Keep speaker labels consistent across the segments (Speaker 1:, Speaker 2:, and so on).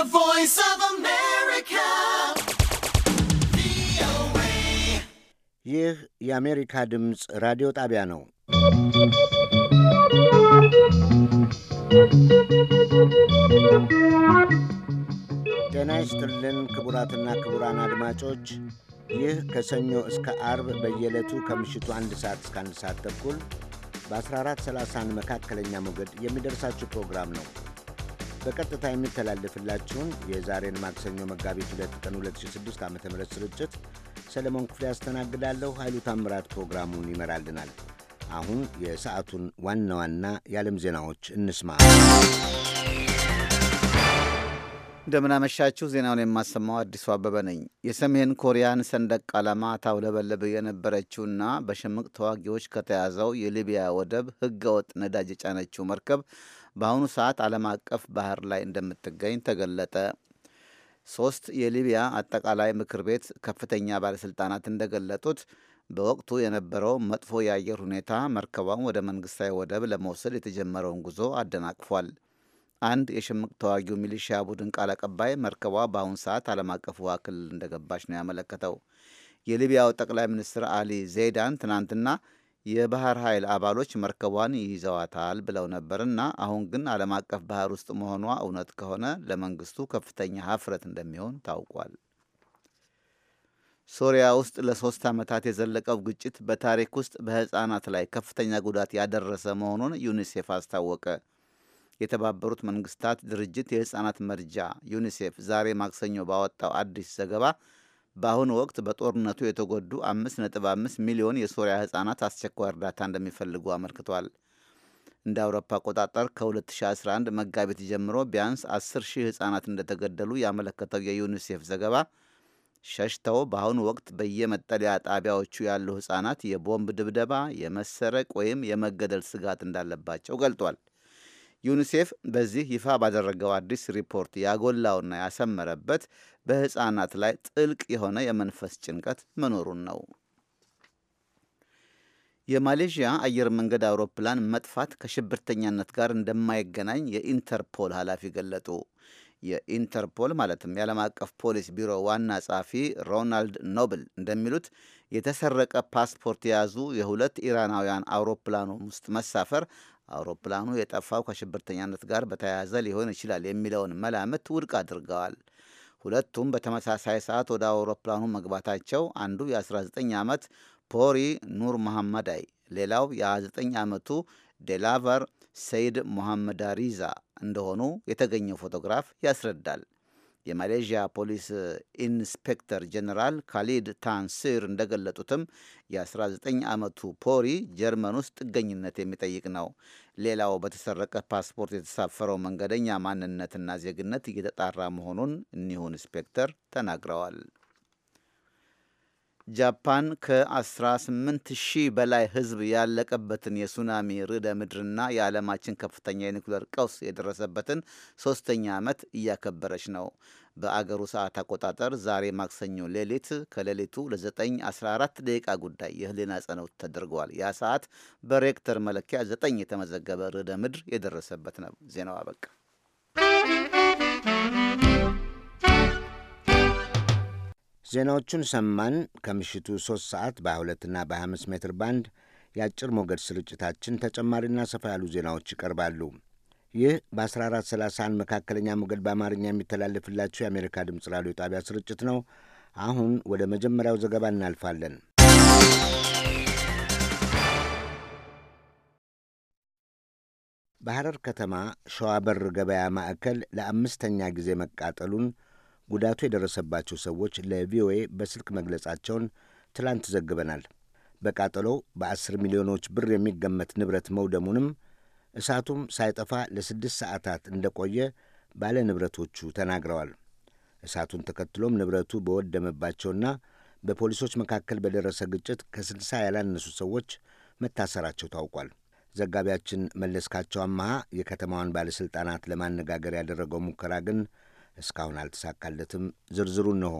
Speaker 1: The voice of America.
Speaker 2: ይህ የአሜሪካ ድምፅ ራዲዮ ጣቢያ ነው። ጤና ይስጥልን ክቡራትና ክቡራን አድማጮች ይህ ከሰኞ እስከ አርብ በየዕለቱ ከምሽቱ አንድ ሰዓት እስከ አንድ ሰዓት ተኩል በ1430 መካከለኛ ሞገድ የሚደርሳችሁ ፕሮግራም ነው። በቀጥታ የሚተላለፍላችሁን የዛሬን ማክሰኞ መጋቢት 2 ቀን 2006 ዓ ም ስርጭት ሰለሞን ክፍሌ ያስተናግዳለሁ። ኃይሉ ታምራት ፕሮግራሙን ይመራልናል። አሁን የሰዓቱን
Speaker 3: ዋና ዋና የዓለም ዜናዎች እንስማ። እንደምናመሻችሁ ዜናውን የማሰማው አዲሱ አበበ ነኝ። የሰሜን ኮሪያን ሰንደቅ ዓላማ ታውለበለብ የነበረችውና በሽምቅ ተዋጊዎች ከተያዘው የሊቢያ ወደብ ህገወጥ ነዳጅ የጫነችው መርከብ በአሁኑ ሰዓት ዓለም አቀፍ ባህር ላይ እንደምትገኝ ተገለጠ። ሶስት የሊቢያ አጠቃላይ ምክር ቤት ከፍተኛ ባለሥልጣናት እንደገለጡት በወቅቱ የነበረው መጥፎ የአየር ሁኔታ መርከቧን ወደ መንግሥታዊ ወደብ ለመውሰድ የተጀመረውን ጉዞ አደናቅፏል። አንድ የሽምቅ ተዋጊው ሚሊሺያ ቡድን ቃል አቀባይ መርከቧ በአሁኑ ሰዓት ዓለም አቀፍ ውሃ ክልል እንደገባች ነው ያመለከተው። የሊቢያው ጠቅላይ ሚኒስትር አሊ ዜዳን ትናንትና የባህር ኃይል አባሎች መርከቧን ይይዘዋታል ብለው ነበርና አሁን ግን ዓለም አቀፍ ባህር ውስጥ መሆኗ እውነት ከሆነ ለመንግስቱ ከፍተኛ ሀፍረት እንደሚሆን ታውቋል። ሶሪያ ውስጥ ለሶስት ዓመታት የዘለቀው ግጭት በታሪክ ውስጥ በሕፃናት ላይ ከፍተኛ ጉዳት ያደረሰ መሆኑን ዩኒሴፍ አስታወቀ። የተባበሩት መንግስታት ድርጅት የሕፃናት መርጃ ዩኒሴፍ ዛሬ ማክሰኞ ባወጣው አዲስ ዘገባ በአሁኑ ወቅት በጦርነቱ የተጎዱ 5.5 ሚሊዮን የሶሪያ ሕፃናት አስቸኳይ እርዳታ እንደሚፈልጉ አመልክቷል። እንደ አውሮፓ አቆጣጠር ከ2011 መጋቢት ጀምሮ ቢያንስ 10 ሺህ ሕፃናት እንደተገደሉ ያመለከተው የዩኒሴፍ ዘገባ ሸሽተው በአሁኑ ወቅት በየመጠለያ ጣቢያዎቹ ያሉ ሕፃናት የቦምብ ድብደባ፣ የመሰረቅ ወይም የመገደል ስጋት እንዳለባቸው ገልጧል። ዩኒሴፍ በዚህ ይፋ ባደረገው አዲስ ሪፖርት ያጎላውና ያሰመረበት በሕፃናት ላይ ጥልቅ የሆነ የመንፈስ ጭንቀት መኖሩን ነው። የማሌዥያ አየር መንገድ አውሮፕላን መጥፋት ከሽብርተኛነት ጋር እንደማይገናኝ የኢንተርፖል ኃላፊ ገለጡ። የኢንተርፖል ማለትም የዓለም አቀፍ ፖሊስ ቢሮ ዋና ጸሐፊ ሮናልድ ኖብል እንደሚሉት የተሰረቀ ፓስፖርት የያዙ የሁለት ኢራናውያን አውሮፕላኑ ውስጥ መሳፈር አውሮፕላኑ የጠፋው ከሽብርተኛነት ጋር በተያያዘ ሊሆን ይችላል የሚለውን መላምት ውድቅ አድርገዋል። ሁለቱም በተመሳሳይ ሰዓት ወደ አውሮፕላኑ መግባታቸው አንዱ የ19 ዓመት ፖሪ ኑር መሐመዳይ፣ ሌላው የ29 ዓመቱ ዴላቨር ሰይድ ሞሐመዳሪዛ እንደሆኑ የተገኘው ፎቶግራፍ ያስረዳል። የማሌዥያ ፖሊስ ኢንስፔክተር ጀኔራል ካሊድ ታንሲር እንደገለጡትም የ19 ዓመቱ ፖሪ ጀርመን ውስጥ ጥገኝነት የሚጠይቅ ነው። ሌላው በተሰረቀ ፓስፖርት የተሳፈረው መንገደኛ ማንነትና ዜግነት እየተጣራ መሆኑን እኒሁ ኢንስፔክተር ተናግረዋል። ጃፓን ከ18 ሺህ በላይ ሕዝብ ያለቀበትን የሱናሚ ርዕደ ምድርና የዓለማችን ከፍተኛ የኒኩሌር ቀውስ የደረሰበትን ሶስተኛ ዓመት እያከበረች ነው። በአገሩ ሰዓት አቆጣጠር ዛሬ ማክሰኞ ሌሊት ከሌሊቱ ለ9:14 ደቂቃ ጉዳይ የህሊና ጸነው ተደርገዋል። ያ ሰዓት በሬክተር መለኪያ 9 የተመዘገበ ርዕደ ምድር የደረሰበት ነው። ዜናው አበቃ። ዜናዎቹን ሰማን።
Speaker 2: ከምሽቱ 3 ሰዓት በ2ና በ5 ሜትር ባንድ የአጭር ሞገድ ስርጭታችን ተጨማሪና ሰፋ ያሉ ዜናዎች ይቀርባሉ። ይህ በ1431 መካከለኛ ሞገድ በአማርኛ የሚተላለፍላችሁ የአሜሪካ ድምፅ ራዲዮ ጣቢያ ስርጭት ነው። አሁን ወደ መጀመሪያው ዘገባ እናልፋለን። በሐረር ከተማ ሸዋበር ገበያ ማዕከል ለአምስተኛ ጊዜ መቃጠሉን ጉዳቱ የደረሰባቸው ሰዎች ለቪኦኤ በስልክ መግለጻቸውን ትላንት ዘግበናል። በቃጠሎው በአስር ሚሊዮኖች ብር የሚገመት ንብረት መውደሙንም እሳቱም ሳይጠፋ ለስድስት ሰዓታት እንደቆየ ባለ ንብረቶቹ ተናግረዋል። እሳቱን ተከትሎም ንብረቱ በወደመባቸውና በፖሊሶች መካከል በደረሰ ግጭት ከስልሳ ያላነሱ ሰዎች መታሰራቸው ታውቋል። ዘጋቢያችን መለስካቸው አመሃ የከተማዋን ባለሥልጣናት ለማነጋገር ያደረገው ሙከራ ግን እስካሁን አልተሳካለትም። ዝርዝሩ ነው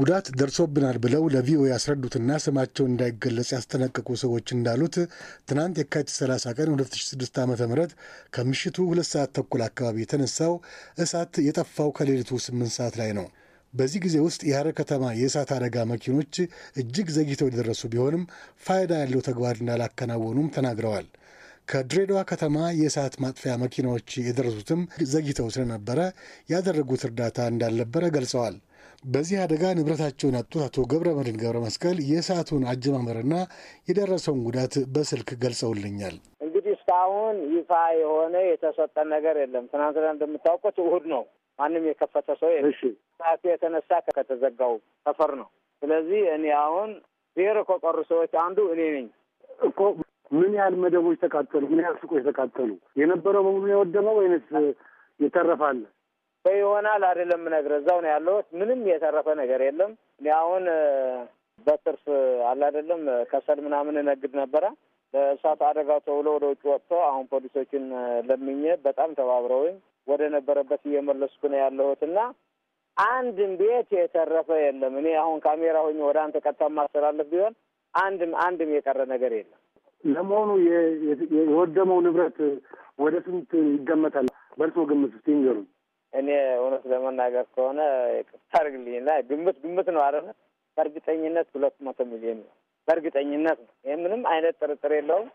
Speaker 4: ጉዳት ደርሶብናል ብለው ለቪኦኤ ያስረዱትና ስማቸው እንዳይገለጽ ያስጠነቀቁ ሰዎች እንዳሉት ትናንት የካቲት 30 ቀን 2006 ዓ ም ከምሽቱ ሁለት ሰዓት ተኩል አካባቢ የተነሳው እሳት የጠፋው ከሌሊቱ 8 ሰዓት ላይ ነው። በዚህ ጊዜ ውስጥ የሐረር ከተማ የእሳት አደጋ መኪኖች እጅግ ዘግይተው የደረሱ ቢሆንም ፋይዳ ያለው ተግባር እንዳላከናወኑም ተናግረዋል። ከድሬዳዋ ከተማ የእሳት ማጥፊያ መኪናዎች የደረሱትም ዘግይተው ስለነበረ ያደረጉት እርዳታ እንዳልነበረ ገልጸዋል። በዚህ አደጋ ንብረታቸውን ያጡት አቶ ገብረ መድን ገብረ መስቀል የእሳቱን አጀማመርና የደረሰውን ጉዳት በስልክ ገልጸውልኛል።
Speaker 5: እንግዲህ እስካሁን ይፋ የሆነ የተሰጠ ነገር የለም። ትናንትና እንደምታውቁት እሁድ ነው። ማንም የከፈተ ሰው የለም። እሳቱ የተነሳ ከተዘጋው ሰፈር ነው። ስለዚህ እኔ አሁን ብሔር ከቀሩ ሰዎች አንዱ እኔ ነኝ እኮ ምን ያህል መደቦች ተቃጠሉ? ምን ያህል ሱቆች ተቃጠሉ? የነበረው በሙሉ የወደመው ወይንስ ይተረፋል? ይሆናል አይደለም እነግርህ። እዛው ነው ያለሁት። ምንም የተረፈ ነገር የለም። እኔ አሁን በትርፍ አለ አይደለም ከሰል ምናምን እነግድ ነበረ። ለእሳት አደጋው ተብሎ ወደ ውጭ ወጥቶ አሁን ፖሊሶችን ለምኜ በጣም ተባብረውኝ ወደ ነበረበት እየመለስኩ ነው ያለሁት እና አንድም ቤት የተረፈ የለም። እኔ አሁን ካሜራ ሆኜ ወደ አንተ ቀጥታ ማስተላለፍ ቢሆን አንድም አንድም የቀረ ነገር የለም። ለመሆኑ የወደመው ንብረት ወደ ስንት ይገመታል? በእርስዎ ግምት ውስጥ ይንገሩኝ። እኔ እውነት ለመናገር ከሆነ ቅርታ አድርግልኝና ግምት ግምት ነው አረ በእርግጠኝነት ሁለት መቶ ሚሊዮን ነው። በእርግጠኝነት ነው። ይህ ምንም አይነት ጥርጥር የለውም።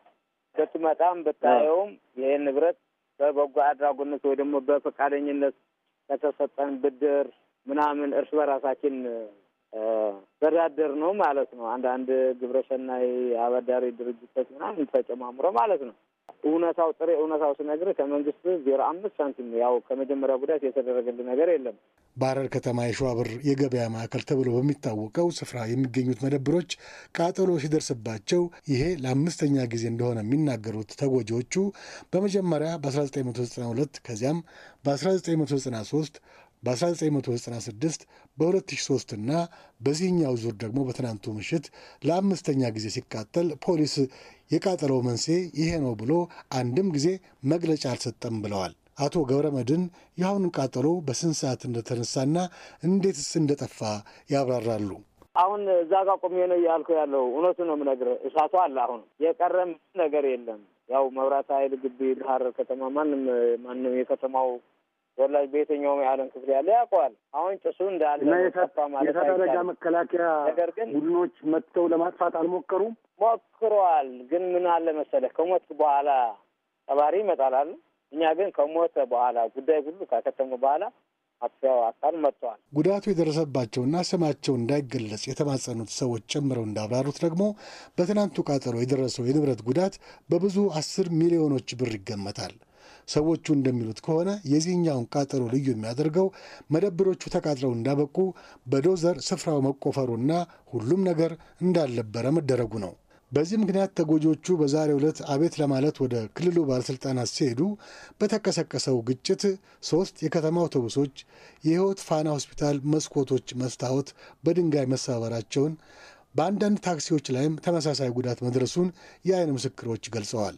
Speaker 5: ብትመጣም ብታየውም ይህ ንብረት በበጎ አድራጎነት ወይ ደግሞ በፈቃደኝነት ከተሰጠን ብድር ምናምን እርስ በራሳችን አበዳደር ነው ማለት ነው። አንዳንድ ግብረሰናይ አበዳሪ ድርጅቶች ምናምን ተጨማምሮ ማለት ነው። እውነታው ጥሬ እውነታው ስነግር ከመንግስት ዜሮ አምስት ሳንቲም ያው ከመጀመሪያ ጉዳት የተደረገልን
Speaker 4: ነገር የለም። በሐረር ከተማ የሸዋ ብር የገበያ ማዕከል ተብሎ በሚታወቀው ስፍራ የሚገኙት መደብሮች ቃጠሎ ሲደርስባቸው ይሄ ለአምስተኛ ጊዜ እንደሆነ የሚናገሩት ተጎጂዎቹ በመጀመሪያ በ1992 ከዚያም በ1993 በ1996 በ2003 እና በዚህኛው ዙር ደግሞ በትናንቱ ምሽት ለአምስተኛ ጊዜ ሲቃጠል ፖሊስ የቃጠለው መንስኤ ይሄ ነው ብሎ አንድም ጊዜ መግለጫ አልሰጠም ብለዋል። አቶ ገብረ መድን የአሁኑን ቃጠሎ በስንት ሰዓት እንደተነሳና እንዴትስ እንደጠፋ ያብራራሉ።
Speaker 5: አሁን እዛ ጋር ቆሜ ነው እያልኩ ያለው እውነቱ ነው የምነግርህ። እሳቱ አለ። አሁን የቀረም ነገር የለም። ያው መብራት ኃይል ግቢ ዳህር ከተማ ማንም ማንም የከተማው ወላጅ በየትኛውም የዓለም ክፍል ያለ ያውቀዋል። አሁን ጭሱ እንዳለ ጠፋ ማለት የእሳት መከላከያ ነገር ግን ቡድኖች መጥተው ለማጥፋት አልሞከሩም። ሞክሯል። ግን ምን አለ መሰለህ ከሞት በኋላ ጠባሪ ይመጣላል። እኛ ግን ከሞተ በኋላ ጉዳይ ሁሉ ካከተሙ በኋላ
Speaker 4: ማጥፊያው አካል መጥተዋል። ጉዳቱ የደረሰባቸውና ስማቸው እንዳይገለጽ የተማጸኑት ሰዎች ጨምረው እንዳብራሩት ደግሞ በትናንቱ ቃጠሎ የደረሰው የንብረት ጉዳት በብዙ አስር ሚሊዮኖች ብር ይገመታል። ሰዎቹ እንደሚሉት ከሆነ የዚህኛውን ቃጠሎ ልዩ የሚያደርገው መደብሮቹ ተቃጥለው እንዳበቁ በዶዘር ስፍራው መቆፈሩና ሁሉም ነገር እንዳልነበረ መደረጉ ነው። በዚህ ምክንያት ተጎጂዎቹ በዛሬ ዕለት አቤት ለማለት ወደ ክልሉ ባለሥልጣናት ሲሄዱ በተቀሰቀሰው ግጭት ሦስት የከተማ አውቶቡሶች የሕይወት ፋና ሆስፒታል መስኮቶች መስታወት በድንጋይ መሰባበራቸውን በአንዳንድ ታክሲዎች ላይም ተመሳሳይ ጉዳት መድረሱን የአይን ምስክሮች ገልጸዋል።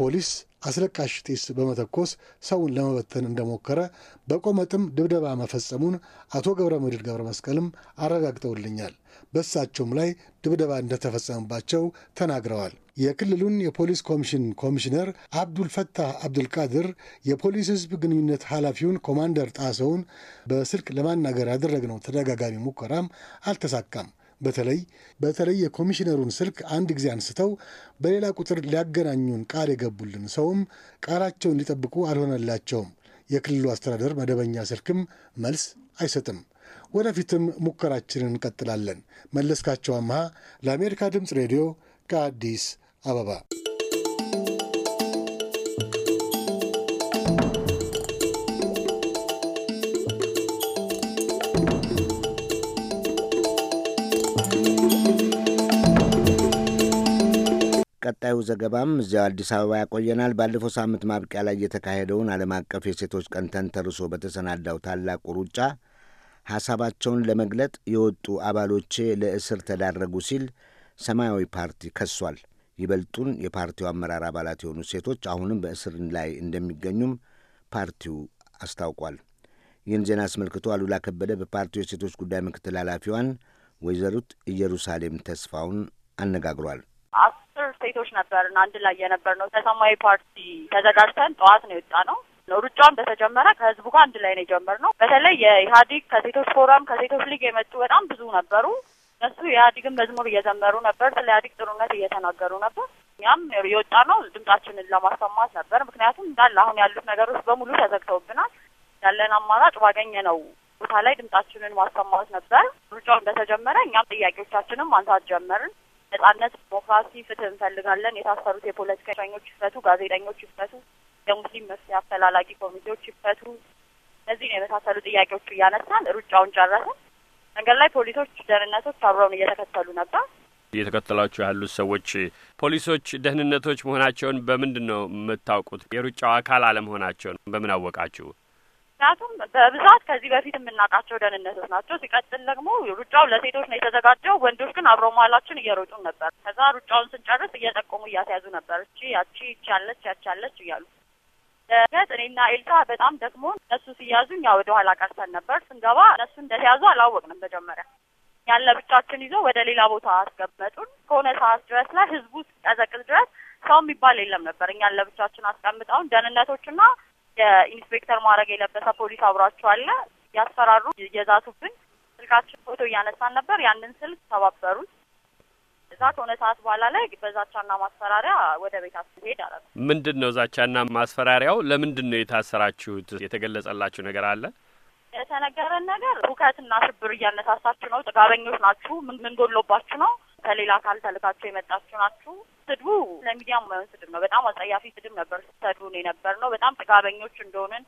Speaker 4: ፖሊስ አስለቃሽ ጢስ በመተኮስ ሰውን ለመበተን እንደሞከረ በቆመጥም ድብደባ መፈጸሙን አቶ ገብረ ምድር ገብረ መስቀልም አረጋግጠውልኛል። በእሳቸውም ላይ ድብደባ እንደተፈጸመባቸው ተናግረዋል። የክልሉን የፖሊስ ኮሚሽን ኮሚሽነር አብዱልፈታህ አብዱልቃድር የፖሊስ ሕዝብ ግንኙነት ኃላፊውን ኮማንደር ጣሰውን በስልክ ለማናገር ያደረግነው ተደጋጋሚ ሙከራም አልተሳካም። በተለይ በተለይ የኮሚሽነሩን ስልክ አንድ ጊዜ አንስተው በሌላ ቁጥር ሊያገናኙን ቃል የገቡልን ሰውም ቃላቸውን ሊጠብቁ አልሆነላቸውም። የክልሉ አስተዳደር መደበኛ ስልክም መልስ አይሰጥም። ወደፊትም ሙከራችንን እንቀጥላለን። መለስካቸው አምሃ ለአሜሪካ ድምፅ ሬዲዮ ከአዲስ አበባ
Speaker 2: ቀጣዩ ዘገባም እዚያው አዲስ አበባ ያቆየናል። ባለፈው ሳምንት ማብቂያ ላይ የተካሄደውን ዓለም አቀፍ የሴቶች ቀን ተንተርሶ በተሰናዳው ታላቁ ሩጫ ሐሳባቸውን ለመግለጥ የወጡ አባሎቼ ለእስር ተዳረጉ ሲል ሰማያዊ ፓርቲ ከሷል። ይበልጡን የፓርቲው አመራር አባላት የሆኑ ሴቶች አሁንም በእስር ላይ እንደሚገኙም ፓርቲው አስታውቋል። ይህን ዜና አስመልክቶ አሉላ ከበደ በፓርቲው የሴቶች ጉዳይ ምክትል ኃላፊዋን ወይዘሩት ኢየሩሳሌም ተስፋውን አነጋግሯል።
Speaker 6: አስር ሴቶች ነበርን አንድ ላይ የነበር ነው። ከሰማያዊ ፓርቲ ተዘጋጅተን ጠዋት ነው የወጣ ነው ሩጫው እንደተጀመረ ከህዝቡ ጋር አንድ ላይ ነው የጀመርነው። በተለይ የኢህአዲግ ከሴቶች ፎረም ከሴቶች ሊግ የመጡ በጣም ብዙ ነበሩ። እነሱ የኢህአዲግን መዝሙር እየዘመሩ ነበር፣ ስለ ኢህአዲግ ጥሩነት እየተናገሩ ነበር። እኛም የወጣ ነው ድምጻችንን ለማሰማት ነበር። ምክንያቱም እንዳለ አሁን ያሉት ነገሮች በሙሉ ተዘግተውብናል። ያለን አማራጭ ባገኘ ነው ቦታ ላይ ድምጻችንን ማሰማት ነበር። ሩጫው እንደተጀመረ እኛም ጥያቄዎቻችንም ማንሳት ጀመርን። ነጻነት፣ ዲሞክራሲ፣ ፍትህ እንፈልጋለን። የታሰሩት የፖለቲካ እስረኞች ይፈቱ፣ ጋዜጠኞች ይፈቱ፣ የሙስሊም መፍትሄ አፈላላጊ ኮሚቴዎች ይፈቱ። እነዚህን የመሳሰሉ ጥያቄዎች እያነሳን ሩጫውን ጨረሰ። መንገድ ላይ ፖሊሶች፣ ደህንነቶች አብረውን እየተከተሉ ነበር።
Speaker 7: እየተከተሏቸው ያሉት ሰዎች ፖሊሶች፣ ደህንነቶች መሆናቸውን በምንድን ነው የምታውቁት? የሩጫው አካል አለመሆናቸውን በምን አወቃችሁ?
Speaker 6: ምክንያቱም በብዛት ከዚህ በፊት የምናውቃቸው ደህንነቶች ናቸው። ሲቀጥል ደግሞ ሩጫው ለሴቶች ነው የተዘጋጀው። ወንዶች ግን አብረው መሀላችን እየሮጡ ነበር። ከዛ ሩጫውን ስንጨርስ እየጠቆሙ እያስያዙ ነበር። እቺ ያቺ ይቻለች ያቻለች እያሉ ገጥ እኔና ኤልሳ በጣም ደግሞ እነሱ ሲያዙኝ ያ ወደ ኋላ ቀርተን ነበር። ስንገባ እነሱ እንደተያዙ አላወቅንም መጀመሪያ ያለ ብቻችን ይዞ ወደ ሌላ ቦታ አስቀመጡን። ከሆነ ሰዓት ድረስ ላይ ህዝቡ ሲቀዘቅዝ ድረስ ሰው የሚባል የለም ነበር። እኛ ለብቻችን አስቀምጠውን ደህንነቶችና የኢንስፔክተር ማድረግ የለበሰ ፖሊስ አብሯቸዋለ አለ። ያስፈራሩ፣ የዛቱብን። ስልካችን ፎቶ እያነሳን ነበር። ያንን ስልክ ተባበሩት። እዛ ከሆነ ሰዓት በኋላ ላይ በዛቻና ማስፈራሪያ ወደ ቤት ሄድ አለ።
Speaker 7: ምንድን ነው ዛቻና ማስፈራሪያው? ለምንድን ነው የታሰራችሁት? የተገለጸላችሁ ነገር አለ?
Speaker 6: የተነገረን ነገር ሁከትና ሽብር እያነሳሳችሁ ነው፣ ጥጋበኞች ናችሁ፣ ምን ጎሎባችሁ ነው ከሌላ አካል ተልካችሁ የመጣችሁ ናችሁ። ስድቡ ለሚዲያም የማይሆን ስድብ ነው። በጣም አጸያፊ ስድብ ነበር ሰድቡን የነበር ነው። በጣም ጥጋበኞች እንደሆንን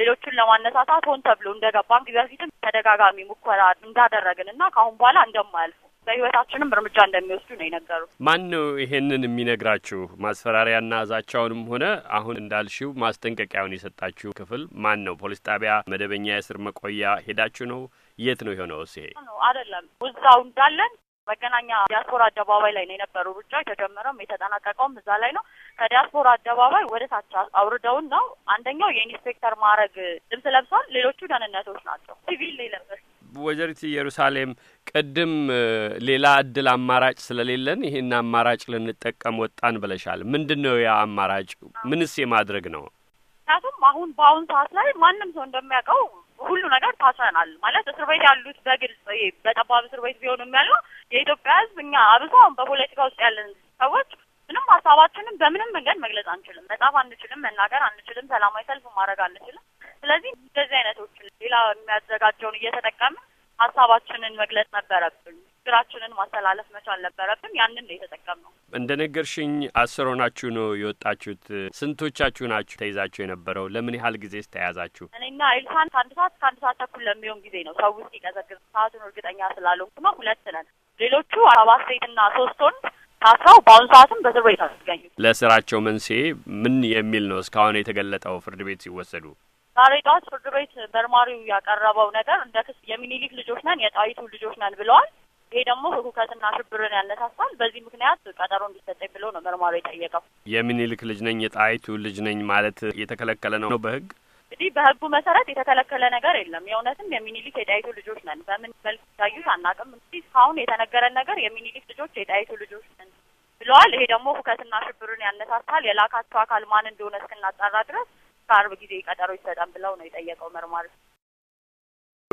Speaker 6: ሌሎችን ለማነሳሳት ሆን ተብሎ እንደገባ ጊዜ በፊትም ተደጋጋሚ ሙከራ እንዳደረግን እና ከአሁን በኋላ እንደማያልፉ በህይወታችንም እርምጃ እንደሚወስዱ ነው የነገሩ።
Speaker 7: ማን ነው ይሄንን የሚነግራችሁ? ማስፈራሪያና ዛቻውንም ሆነ አሁን እንዳልሽው ማስጠንቀቂያውን የሰጣችሁ ክፍል ማን ነው? ፖሊስ ጣቢያ፣ መደበኛ የእስር መቆያ ሄዳችሁ ነው? የት ነው የሆነው? ስ
Speaker 6: አይደለም እዛው እንዳለን መገናኛ ዲያስፖራ አደባባይ ላይ ነው የነበረው ሩጫ የተጀመረውም የተጠናቀቀውም እዛ ላይ ነው። ከዲያስፖራ አደባባይ ወደ ታች አውርደውን ነው። አንደኛው የኢንስፔክተር ማዕረግ ልብስ ለብሷል። ሌሎቹ ደህንነቶች ናቸው። ሲቪል የለበስ
Speaker 7: ወይዘሪት ኢየሩሳሌም ቅድም ሌላ እድል አማራጭ ስለሌለን ይህን አማራጭ ልንጠቀም ወጣን ብለሻል። ምንድን ነው ያ አማራጭ? ምንስ የማድረግ ነው?
Speaker 6: ምክንያቱም አሁን በአሁን ሰዓት ላይ ማንም ሰው እንደሚያውቀው ሁሉ ነገር ታስረናል ማለት እስር ቤት ያሉት በግልጽ በጠባብ እስር ቤት ቢሆኑም ያለው የኢትዮጵያ ህዝብ እኛ አብሶ በፖለቲካ ውስጥ ያለን ሰዎች ምንም ሀሳባችንም በምንም መንገድ መግለጽ አንችልም፣ መጻፍ አንችልም፣ መናገር አንችልም፣ ሰላማዊ ሰልፍ ማድረግ አንችልም። ስለዚህ እንደዚህ አይነቶችን ሌላ የሚያዘጋጀውን እየተጠቀምን ሀሳባችንን መግለጽ ነበረብን። ችግራችንን ማስተላለፍ መቻል ነበረብን። ያንን ነው የተጠቀምነው።
Speaker 7: እንደ ነገርሽኝ አስር ሆናችሁ ነው የወጣችሁት። ስንቶቻችሁ ናችሁ ተይዛችሁ የነበረው? ለምን ያህል ጊዜ ስተያዛችሁ?
Speaker 6: እኔና ኤልሳን ከአንድ ሰዓት ከአንድ ሰዓት ተኩል ለሚሆን ጊዜ ነው ሰው ይቀዘግዝ ሰዓቱን እርግጠኛ ስላልሆንኩ ነው። ሁለት ነን። ሌሎቹ አባት ሴትና ሶስት ወንድ ታስረው በአሁኑ ሰዓትም በእስር ቤት አስገኙት።
Speaker 7: ለስራቸው መንስኤ ምን የሚል ነው እስካሁን የተገለጠው? ፍርድ ቤት ሲወሰዱ
Speaker 6: ዛሬ ጠዋት ፍርድ ቤት መርማሪው ያቀረበው ነገር እንደ ክስ የሚኒሊክ ልጆች ነን የጣይቱ ልጆች ነን ብለዋል። ይሄ ደግሞ ሁከትና ሽብርን ያነሳሳል። በዚህ ምክንያት ቀጠሮ እንዲሰጠኝ ብሎ ነው መርማሩ የጠየቀው።
Speaker 7: የምኒልክ ልጅ ነኝ የጣይቱ ልጅ ነኝ ማለት የተከለከለ ነው በህግ
Speaker 6: እንግዲህ በህጉ መሰረት የተከለከለ ነገር የለም። የእውነትም የሚኒሊክ የጣይቱ ልጆች ነን። በምን መልክ ይታዩት አናውቅም። እንግዲህ እስካሁን የተነገረን ነገር የሚኒሊክ ልጆች የጣይቱ ልጆች ነን ብለዋል። ይሄ ደግሞ ሁከትና ሽብርን ያነሳሳል። የላካቸው አካል ማን እንደሆነ እስክናጣራ ድረስ ከአርብ ጊዜ ቀጠሮ ይሰጠን ብለው ነው የጠየቀው መርማር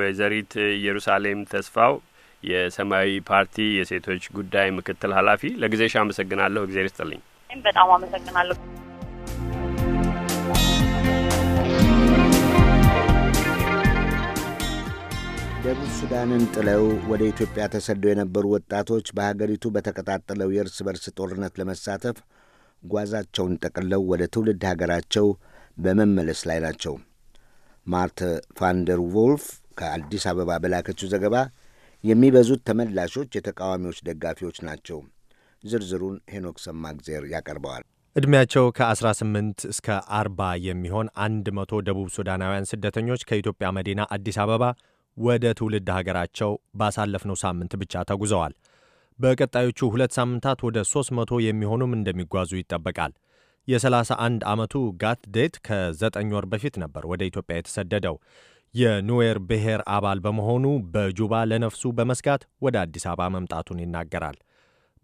Speaker 7: ወይዘሪት ኢየሩሳሌም ተስፋው የሰማያዊ ፓርቲ የሴቶች ጉዳይ ምክትል ኃላፊ ለጊዜሽ አመሰግናለሁ። እግዜር ይስጥልኝ።
Speaker 6: በጣም አመሰግናለሁ።
Speaker 2: ደቡብ ሱዳንን ጥለው ወደ ኢትዮጵያ ተሰደው የነበሩ ወጣቶች በሀገሪቱ በተቀጣጠለው የእርስ በርስ ጦርነት ለመሳተፍ ጓዛቸውን ጠቅለው ወደ ትውልድ ሀገራቸው በመመለስ ላይ ናቸው። ማርተ ፋንደር ቮልፍ ከአዲስ አበባ በላከችው ዘገባ የሚበዙት ተመላሾች የተቃዋሚዎች ደጋፊዎች ናቸው። ዝርዝሩን ሄኖክ ሰማግዜር ያቀርበዋል።
Speaker 8: ዕድሜያቸው ከ18 እስከ 40 የሚሆን 100 ደቡብ ሱዳናውያን ስደተኞች ከኢትዮጵያ መዲና አዲስ አበባ ወደ ትውልድ ሀገራቸው ባሳለፍነው ሳምንት ብቻ ተጉዘዋል። በቀጣዮቹ ሁለት ሳምንታት ወደ 300 የሚሆኑም እንደሚጓዙ ይጠበቃል። የ31 ዓመቱ ጋት ዴት ከዘጠኝ ወር በፊት ነበር ወደ ኢትዮጵያ የተሰደደው። የኑዌር ብሔር አባል በመሆኑ በጁባ ለነፍሱ በመስጋት ወደ አዲስ አበባ መምጣቱን ይናገራል።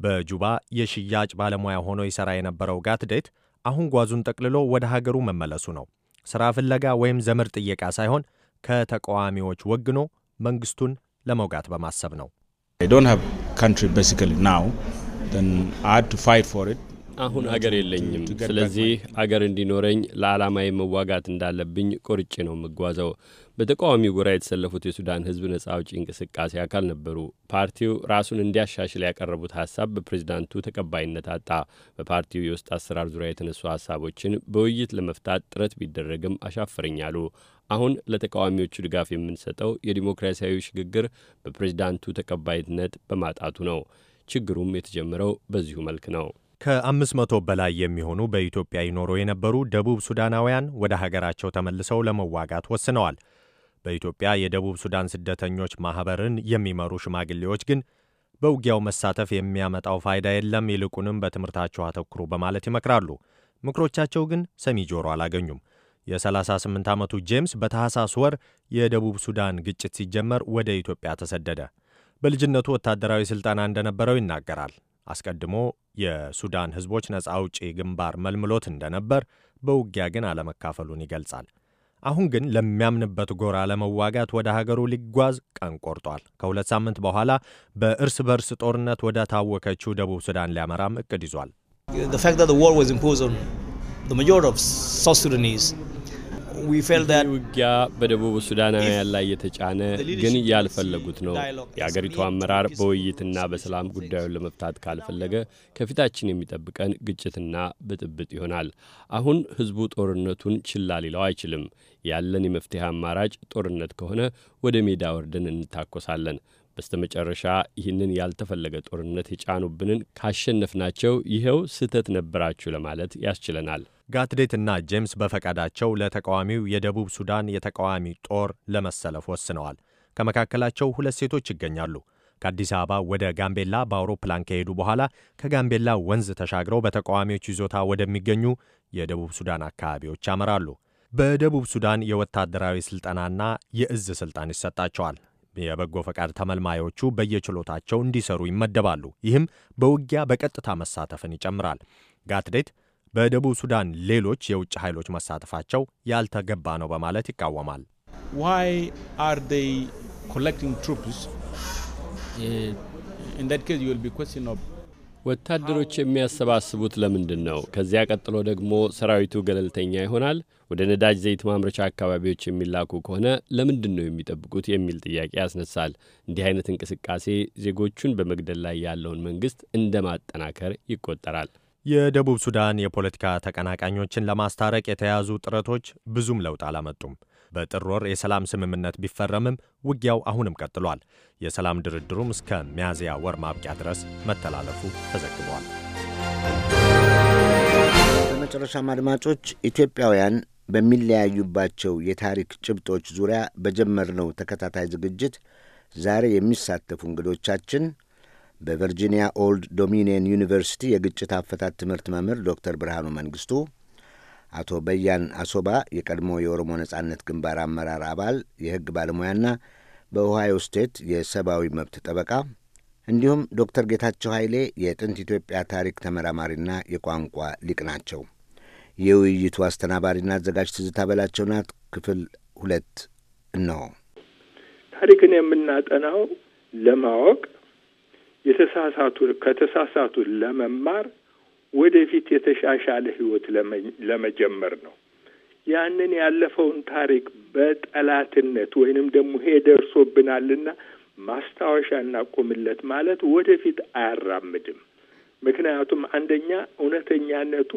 Speaker 8: በጁባ የሽያጭ ባለሙያ ሆኖ ይሠራ የነበረው ጋትዴት አሁን ጓዙን ጠቅልሎ ወደ ሀገሩ መመለሱ ነው። ሥራ ፍለጋ ወይም ዘመድ ጥየቃ ሳይሆን ከተቃዋሚዎች ወግኖ መንግሥቱን ለመውጋት በማሰብ ነው።
Speaker 9: አሁን አገር የለኝም። ስለዚህ
Speaker 7: አገር እንዲኖረኝ ለዓላማዬ መዋጋት እንዳለብኝ ቆርጬ ነው የምጓዘው። በተቃዋሚ ጎራ የተሰለፉት የሱዳን ሕዝብ ነጻ አውጪ እንቅስቃሴ አካል ነበሩ። ፓርቲው ራሱን እንዲያሻሽል ያቀረቡት ሀሳብ በፕሬዚዳንቱ ተቀባይነት አጣ። በፓርቲው የውስጥ አሰራር ዙሪያ የተነሱ ሀሳቦችን በውይይት ለመፍታት ጥረት ቢደረግም አሻፈረኛሉ። አሁን ለተቃዋሚዎቹ ድጋፍ የምንሰጠው የዲሞክራሲያዊ ሽግግር በፕሬዚዳንቱ ተቀባይነት በማጣቱ ነው። ችግሩም የተጀመረው በዚሁ መልክ ነው። ከአምስት መቶ በላይ የሚሆኑ በኢትዮጵያ ይኖሩ
Speaker 8: የነበሩ ደቡብ ሱዳናውያን ወደ ሀገራቸው ተመልሰው ለመዋጋት ወስነዋል። በኢትዮጵያ የደቡብ ሱዳን ስደተኞች ማኅበርን የሚመሩ ሽማግሌዎች ግን በውጊያው መሳተፍ የሚያመጣው ፋይዳ የለም፣ ይልቁንም በትምህርታቸው አተኩሩ በማለት ይመክራሉ። ምክሮቻቸው ግን ሰሚ ጆሮ አላገኙም። የ38 ዓመቱ ጄምስ በታህሳስ ወር የደቡብ ሱዳን ግጭት ሲጀመር ወደ ኢትዮጵያ ተሰደደ። በልጅነቱ ወታደራዊ ሥልጠና እንደነበረው ይናገራል። አስቀድሞ የሱዳን ሕዝቦች ነጻ አውጪ ግንባር መልምሎት እንደነበር፣ በውጊያ ግን አለመካፈሉን ይገልጻል። አሁን ግን ለሚያምንበት ጎራ ለመዋጋት ወደ ሀገሩ ሊጓዝ ቀን ቆርጧል። ከሁለት ሳምንት በኋላ በእርስ በርስ ጦርነት ወደ ታወከችው ደቡብ ሱዳን ሊያመራም እቅድ ይዟል።
Speaker 7: ውጊያ በደቡብ ሱዳናውያን ላይ የተጫነ ግን ያልፈለጉት ነው። የአገሪቱ አመራር በውይይትና በሰላም ጉዳዩን ለመፍታት ካልፈለገ ከፊታችን የሚጠብቀን ግጭትና ብጥብጥ ይሆናል። አሁን ህዝቡ ጦርነቱን ችላ ሊለው አይችልም። ያለን የመፍትሄ አማራጭ ጦርነት ከሆነ ወደ ሜዳ ወርደን እንታኮሳለን። በስተመጨረሻ ይህንን ያልተፈለገ ጦርነት የጫኑብንን ካሸነፍናቸው ይኸው ስህተት ነበራችሁ ለማለት ያስችለናል።
Speaker 8: ጋትዴት እና ጄምስ በፈቃዳቸው ለተቃዋሚው የደቡብ ሱዳን የተቃዋሚ ጦር ለመሰለፍ ወስነዋል። ከመካከላቸው ሁለት ሴቶች ይገኛሉ። ከአዲስ አበባ ወደ ጋምቤላ በአውሮፕላን ከሄዱ በኋላ ከጋምቤላ ወንዝ ተሻግረው በተቃዋሚዎች ይዞታ ወደሚገኙ የደቡብ ሱዳን አካባቢዎች ያመራሉ። በደቡብ ሱዳን የወታደራዊ ስልጠናና የእዝ ስልጣን ይሰጣቸዋል። የበጎ ፈቃድ ተመልማዮቹ በየችሎታቸው እንዲሰሩ ይመደባሉ። ይህም በውጊያ በቀጥታ መሳተፍን ይጨምራል። ጋትዴት በደቡብ ሱዳን ሌሎች የውጭ ኃይሎች መሳተፋቸው ያልተገባ ነው በማለት ይቃወማል።
Speaker 7: ወታደሮች የሚያሰባስቡት ለምንድን ነው? ከዚያ ቀጥሎ ደግሞ ሰራዊቱ ገለልተኛ ይሆናል? ወደ ነዳጅ ዘይት ማምረቻ አካባቢዎች የሚላኩ ከሆነ ለምንድን ነው የሚጠብቁት? የሚል ጥያቄ ያስነሳል። እንዲህ አይነት እንቅስቃሴ ዜጎቹን በመግደል ላይ ያለውን መንግስት እንደ ማጠናከር ይቆጠራል። የደቡብ ሱዳን የፖለቲካ ተቀናቃኞችን
Speaker 8: ለማስታረቅ የተያዙ ጥረቶች ብዙም ለውጥ አላመጡም። በጥር ወር የሰላም ስምምነት ቢፈረምም ውጊያው አሁንም ቀጥሏል። የሰላም ድርድሩም እስከ ሚያዝያ ወር ማብቂያ ድረስ መተላለፉ ተዘግቧል።
Speaker 2: በመጨረሻም አድማጮች ኢትዮጵያውያን በሚለያዩባቸው የታሪክ ጭብጦች ዙሪያ በጀመርነው ተከታታይ ዝግጅት ዛሬ የሚሳተፉ እንግዶቻችን በቨርጂኒያ ኦልድ ዶሚኒየን ዩኒቨርሲቲ የግጭት አፈታት ትምህርት መምህር ዶክተር ብርሃኑ መንግስቱ፣ አቶ በያን አሶባ የቀድሞ የኦሮሞ ነጻነት ግንባር አመራር አባል የህግ ባለሙያና በኦሃዮ ስቴት የሰብአዊ መብት ጠበቃ እንዲሁም ዶክተር ጌታቸው ኃይሌ የጥንት ኢትዮጵያ ታሪክ ተመራማሪና የቋንቋ ሊቅ ናቸው። የውይይቱ አስተናባሪና አዘጋጅ ትዝታ በላቸው ናት። ክፍል ሁለት እነሆ።
Speaker 9: ታሪክን የምናጠናው ለማወቅ የተሳሳቱ ከተሳሳቱ ለመማር ወደፊት የተሻሻለ ህይወት ለመጀመር ነው። ያንን ያለፈውን ታሪክ በጠላትነት ወይንም ደግሞ ይሄ ደርሶብናልና ማስታወሻ እናቆምለት ማለት ወደፊት አያራምድም። ምክንያቱም አንደኛ እውነተኛነቱ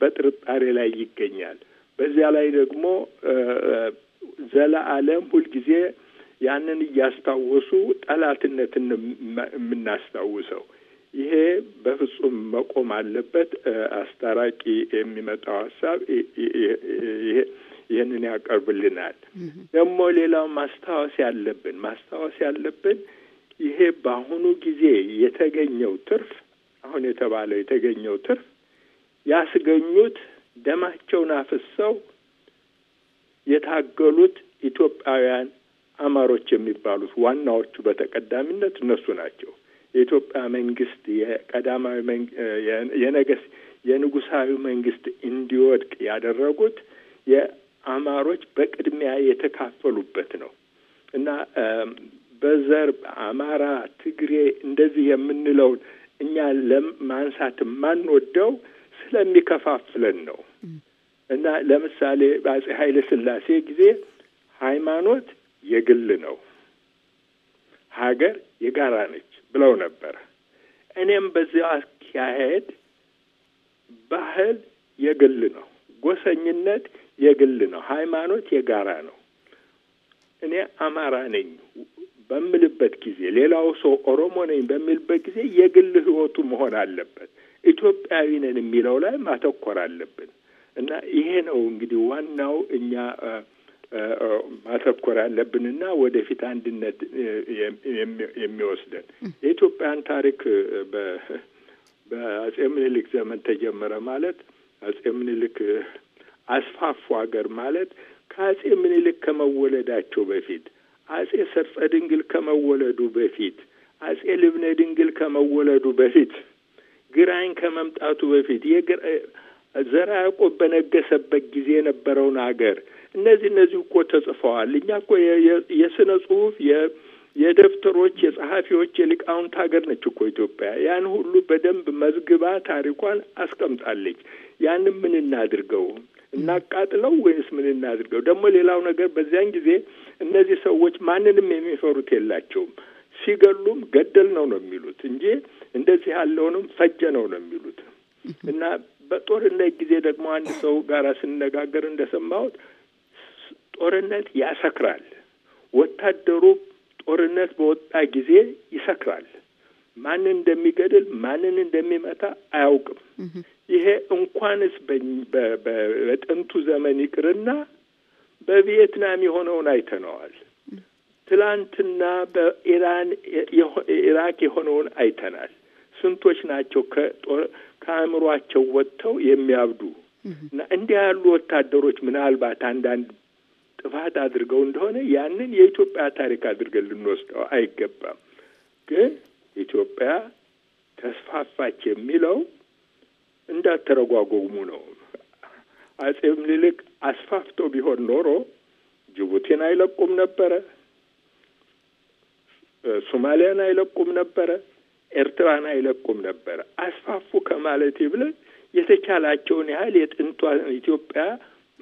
Speaker 9: በጥርጣሬ ላይ ይገኛል። በዚያ ላይ ደግሞ ዘለዓለም ሁልጊዜ ያንን እያስታወሱ ጠላትነትን የምናስታውሰው ይሄ በፍጹም መቆም አለበት። አስታራቂ የሚመጣው ሀሳብ ይህንን ያቀርብልናል። ደግሞ ሌላው ማስታወስ ያለብን ማስታወስ ያለብን ይሄ በአሁኑ ጊዜ የተገኘው ትርፍ አሁን የተባለው የተገኘው ትርፍ ያስገኙት ደማቸውን አፍሰው የታገሉት ኢትዮጵያውያን አማሮች የሚባሉት ዋናዎቹ በተቀዳሚነት እነሱ ናቸው። የኢትዮጵያ መንግስት የቀዳማዊ የነገስ የንጉሳዊ መንግስት እንዲወድቅ ያደረጉት የአማሮች በቅድሚያ የተካፈሉበት ነው እና በዘር አማራ፣ ትግሬ እንደዚህ የምንለውን እኛ ለማንሳት የማንወደው ስለሚከፋፍለን ነው እና ለምሳሌ በአጼ ኃይለ ስላሴ ጊዜ ሃይማኖት የግል ነው፣ ሀገር የጋራ ነች ብለው ነበር። እኔም በዚህ አካሄድ ባህል የግል ነው፣ ጎሰኝነት የግል ነው፣ ሃይማኖት የጋራ ነው። እኔ አማራ ነኝ በምልበት ጊዜ ሌላው ሰው ኦሮሞ ነኝ በሚልበት ጊዜ የግል ህይወቱ መሆን አለበት። ኢትዮጵያዊ ነን የሚለው ላይ ማተኮር አለብን እና ይሄ ነው እንግዲህ ዋናው እኛ ማተኮር አለብንና ወደፊት አንድነት የሚወስደን የኢትዮጵያን ታሪክ በአጼ ምኒልክ ዘመን ተጀመረ ማለት አጼ ምኒልክ አስፋፉ ሀገር ማለት ከአጼ ምኒልክ ከመወለዳቸው በፊት አጼ ሰርጸ ድንግል ከመወለዱ በፊት አጼ ልብነ ድንግል ከመወለዱ በፊት ግራኝ ከመምጣቱ በፊት ዘራ ያዕቆብ በነገሰበት ጊዜ የነበረውን አገር እነዚህ እነዚህ እኮ ተጽፈዋል። እኛ እኮ የስነ ጽሁፍ የደብተሮች የጸሐፊዎች የሊቃውንት ሀገር ነች እኮ ኢትዮጵያ። ያን ሁሉ በደንብ መዝግባ ታሪኳን አስቀምጣለች። ያንም ምን እናድርገው? እናቃጥለው ወይስ ምን እናድርገው? ደግሞ ሌላው ነገር በዚያን ጊዜ እነዚህ ሰዎች ማንንም የሚፈሩት የላቸውም። ሲገሉም ገደል ነው ነው የሚሉት እንጂ እንደዚህ ያለውንም ፈጀ ነው ነው የሚሉት እና በጦርነት ጊዜ ደግሞ አንድ ሰው ጋር ስነጋገር እንደሰማሁት ጦርነት ያሰክራል። ወታደሩ ጦርነት በወጣ ጊዜ ይሰክራል። ማንን እንደሚገድል ማንን እንደሚመታ አያውቅም። ይሄ እንኳንስ በጥንቱ ዘመን ይቅርና በቪየትናም የሆነውን አይተነዋል። ትላንትና በኢራን ኢራቅ የሆነውን አይተናል። ስንቶች ናቸው ከአእምሯቸው ወጥተው የሚያብዱ እና እንዲህ ያሉ ወታደሮች ምናልባት አንዳንድ ጥፋት አድርገው እንደሆነ ያንን የኢትዮጵያ ታሪክ አድርገን ልንወስደው አይገባም። ግን ኢትዮጵያ ተስፋፋች የሚለው እንዳተረጓጎሙ ነው። አጼ ምኒልክ አስፋፍቶ ቢሆን ኖሮ ጅቡቲን አይለቁም ነበረ፣ ሶማሊያን አይለቁም ነበረ፣ ኤርትራን አይለቁም ነበረ። አስፋፉ ከማለት ብለን የተቻላቸውን ያህል የጥንቷን ኢትዮጵያ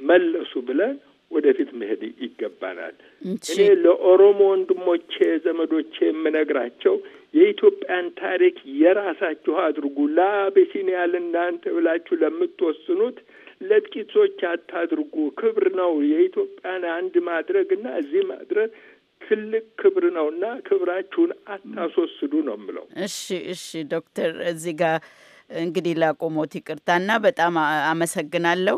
Speaker 9: መለሱ ብለን ወደፊት መሄድ ይገባናል። እኔ ለኦሮሞ ወንድሞቼ ዘመዶቼ የምነግራቸው የኢትዮጵያን ታሪክ የራሳችሁ አድርጉ። ለአቢሲኒያ እናንተ ብላችሁ ለምትወስኑት ለጥቂቶች አታድርጉ። ክብር ነው የኢትዮጵያን አንድ ማድረግ እና እዚህ ማድረግ ትልቅ ክብር ነው እና ክብራችሁን አታስወስዱ ነው የምለው።
Speaker 1: እሺ፣ እሺ ዶክተር እዚህ ጋር እንግዲህ ላቆሞት ይቅርታና በጣም አመሰግናለሁ።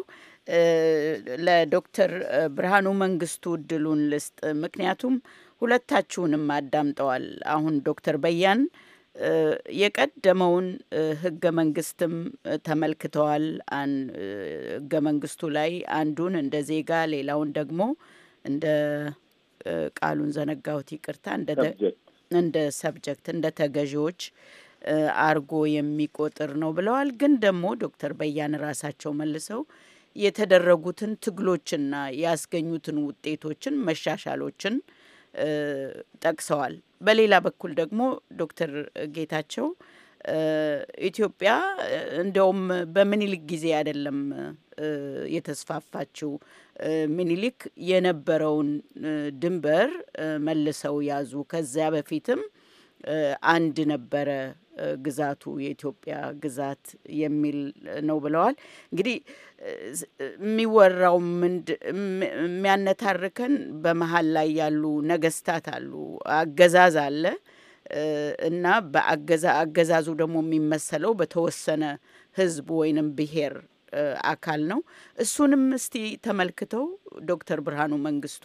Speaker 1: ለዶክተር ብርሃኑ መንግስቱ እድሉን ልስጥ። ምክንያቱም ሁለታችሁንም አዳምጠዋል። አሁን ዶክተር በያን የቀደመውን ህገ መንግስትም ተመልክተዋል። ህገ መንግስቱ ላይ አንዱን እንደ ዜጋ ሌላውን ደግሞ እንደ ቃሉን ዘነጋሁት፣ ይቅርታ እንደ ሰብጀክት እንደ ተገዢዎች አርጎ የሚቆጥር ነው ብለዋል። ግን ደግሞ ዶክተር በያን ራሳቸው መልሰው የተደረጉትን ትግሎችና ያስገኙትን ውጤቶችን፣ መሻሻሎችን ጠቅሰዋል። በሌላ በኩል ደግሞ ዶክተር ጌታቸው ኢትዮጵያ እንደውም በምኒልክ ጊዜ አይደለም የተስፋፋችው። ምኒልክ የነበረውን ድንበር መልሰው ያዙ። ከዚያ በፊትም አንድ ነበረ ግዛቱ የኢትዮጵያ ግዛት የሚል ነው ብለዋል። እንግዲህ የሚወራው ምንድ የሚያነታርከን በመሀል ላይ ያሉ ነገስታት አሉ፣ አገዛዝ አለ እና አገዛዙ ደግሞ የሚመሰለው በተወሰነ ህዝብ ወይንም ብሄር አካል ነው። እሱንም እስቲ ተመልክተው ዶክተር ብርሃኑ መንግስቱ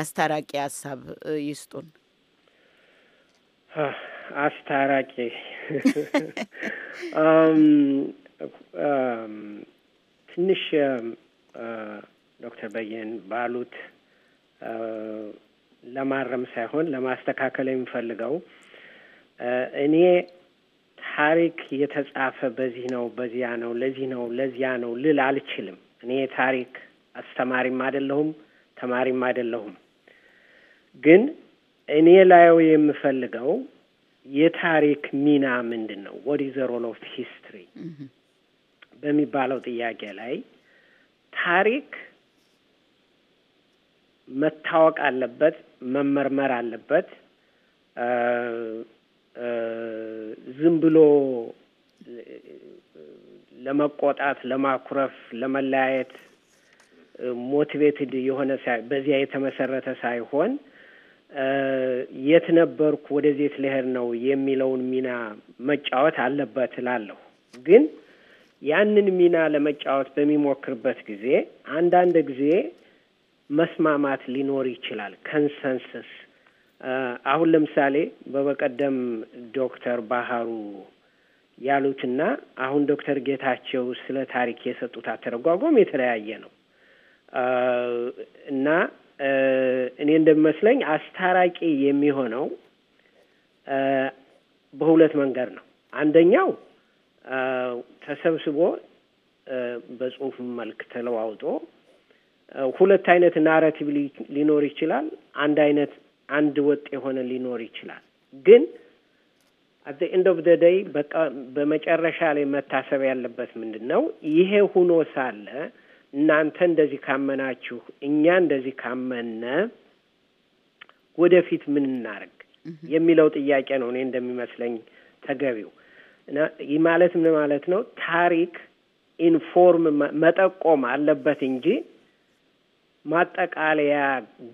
Speaker 1: አስታራቂ ሀሳብ ይስጡን። አስታራቂ
Speaker 10: ትንሽ ዶክተር በየን ባሉት ለማረም ሳይሆን ለማስተካከል የምፈልገው እኔ ታሪክ የተጻፈ በዚህ ነው በዚያ ነው ለዚህ ነው ለዚያ ነው ልል አልችልም። እኔ ታሪክ አስተማሪም አይደለሁም ተማሪም አይደለሁም። ግን እኔ ላየው የምፈልገው የታሪክ ሚና ምንድን ነው? ወዲ ኢዝ ሮል ኦፍ ሂስትሪ በሚባለው ጥያቄ ላይ ታሪክ መታወቅ አለበት፣ መመርመር አለበት። ዝም ብሎ ለመቆጣት፣ ለማኩረፍ፣ ለመለያየት ሞቲቬትድ የሆነ በዚያ የተመሰረተ ሳይሆን የት ነበርኩ፣ ወደዚህ የት ልሄድ ነው የሚለውን ሚና መጫወት አለበት እላለሁ። ግን ያንን ሚና ለመጫወት በሚሞክርበት ጊዜ አንዳንድ ጊዜ መስማማት ሊኖር ይችላል። ከንሰንሰስ አሁን ለምሳሌ በበቀደም ዶክተር ባህሩ ያሉትና አሁን ዶክተር ጌታቸው ስለ ታሪክ የሰጡት አተረጓጎም የተለያየ ነው እና እኔ እንደሚመስለኝ አስታራቂ የሚሆነው በሁለት መንገድ ነው። አንደኛው ተሰብስቦ በጽሁፍ መልክ ተለዋውጦ ሁለት አይነት ናራቲቭ ሊኖር ይችላል። አንድ አይነት አንድ ወጥ የሆነ ሊኖር ይችላል። ግን አት ኤንድ ኦፍ ደ ደይ በቃ በመጨረሻ ላይ መታሰብ ያለበት ምንድን ነው? ይሄ ሁኖ ሳለ እናንተ እንደዚህ ካመናችሁ፣ እኛ እንደዚህ ካመነ ወደፊት ምን እናርግ የሚለው ጥያቄ ነው እኔ እንደሚመስለኝ ተገቢው። ይህ ማለት ምን ማለት ነው? ታሪክ ኢንፎርም መጠቆም አለበት እንጂ ማጠቃለያ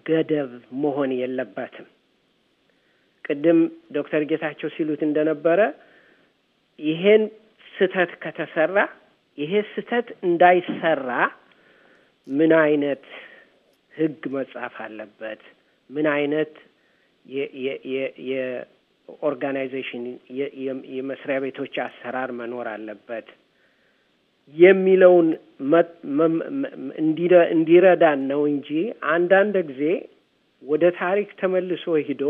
Speaker 10: ገደብ መሆን የለበትም። ቅድም ዶክተር ጌታቸው ሲሉት እንደነበረ ይሄን ስህተት ከተሰራ ይሄ ስህተት እንዳይሰራ ምን አይነት ህግ መጻፍ አለበት? ምን አይነት የኦርጋናይዜሽን የመስሪያ ቤቶች አሰራር መኖር አለበት የሚለውን እንዲረዳን ነው እንጂ አንዳንድ ጊዜ ወደ ታሪክ ተመልሶ ሂዶ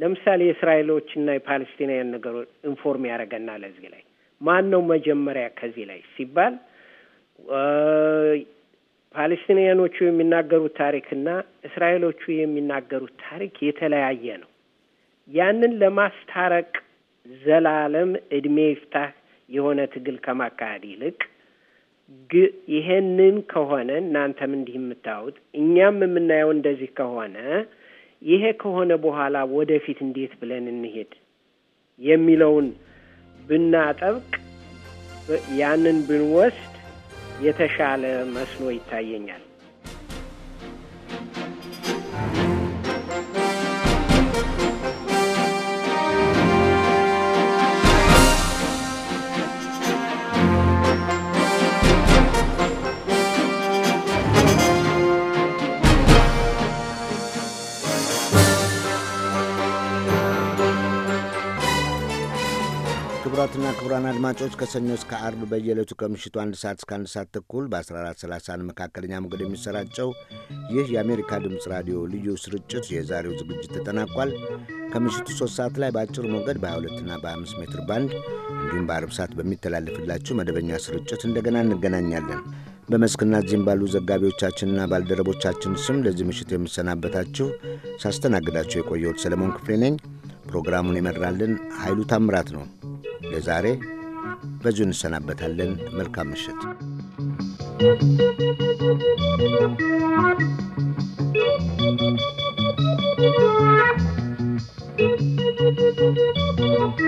Speaker 10: ለምሳሌ የእስራኤሎችና የፓለስቲናውያን ነገሮች ኢንፎርም ያደረገናል። እዚህ ላይ ማን ነው መጀመሪያ ከዚህ ላይ ሲባል ፓለስቲንያኖቹ የሚናገሩት ታሪክና እስራኤሎቹ የሚናገሩት ታሪክ የተለያየ ነው። ያንን ለማስታረቅ ዘላለም እድሜ ይፍታህ የሆነ ትግል ከማካሄድ ይልቅ ይሄንን ከሆነ እናንተም እንዲህ የምታዩት እኛም የምናየው እንደዚህ ከሆነ ይሄ ከሆነ በኋላ ወደፊት እንዴት ብለን እንሄድ የሚለውን ብናጠብቅ ያንን ብንወስድ የተሻለ መስሎ ይታየኛል።
Speaker 2: ክቡራን አድማጮች ከሰኞ እስከ አርብ በየዕለቱ ከምሽቱ አንድ ሰዓት እስከ አንድ ሰዓት ተኩል በ1430 መካከለኛ ሞገድ የሚሰራጨው ይህ የአሜሪካ ድምፅ ራዲዮ ልዩ ስርጭት የዛሬው ዝግጅት ተጠናቋል። ከምሽቱ 3 ሰዓት ላይ በአጭር ሞገድ በ22ና በ5 ሜትር ባንድ እንዲሁም በአርብ ሰዓት በሚተላለፍላችሁ መደበኛ ስርጭት እንደገና እንገናኛለን። በመስክና እዚህም ባሉ ዘጋቢዎቻችንና ባልደረቦቻችን ስም ለዚህ ምሽት የምሰናበታችሁ ሳስተናግዳችሁ የቆየሁት ሰለሞን ክፍሌ ነኝ። ፕሮግራሙን የመራልን ኃይሉ ታምራት ነው። ለዛሬ በዚሁ እንሰናበታለን። መልካም ምሽት።
Speaker 9: Thank you.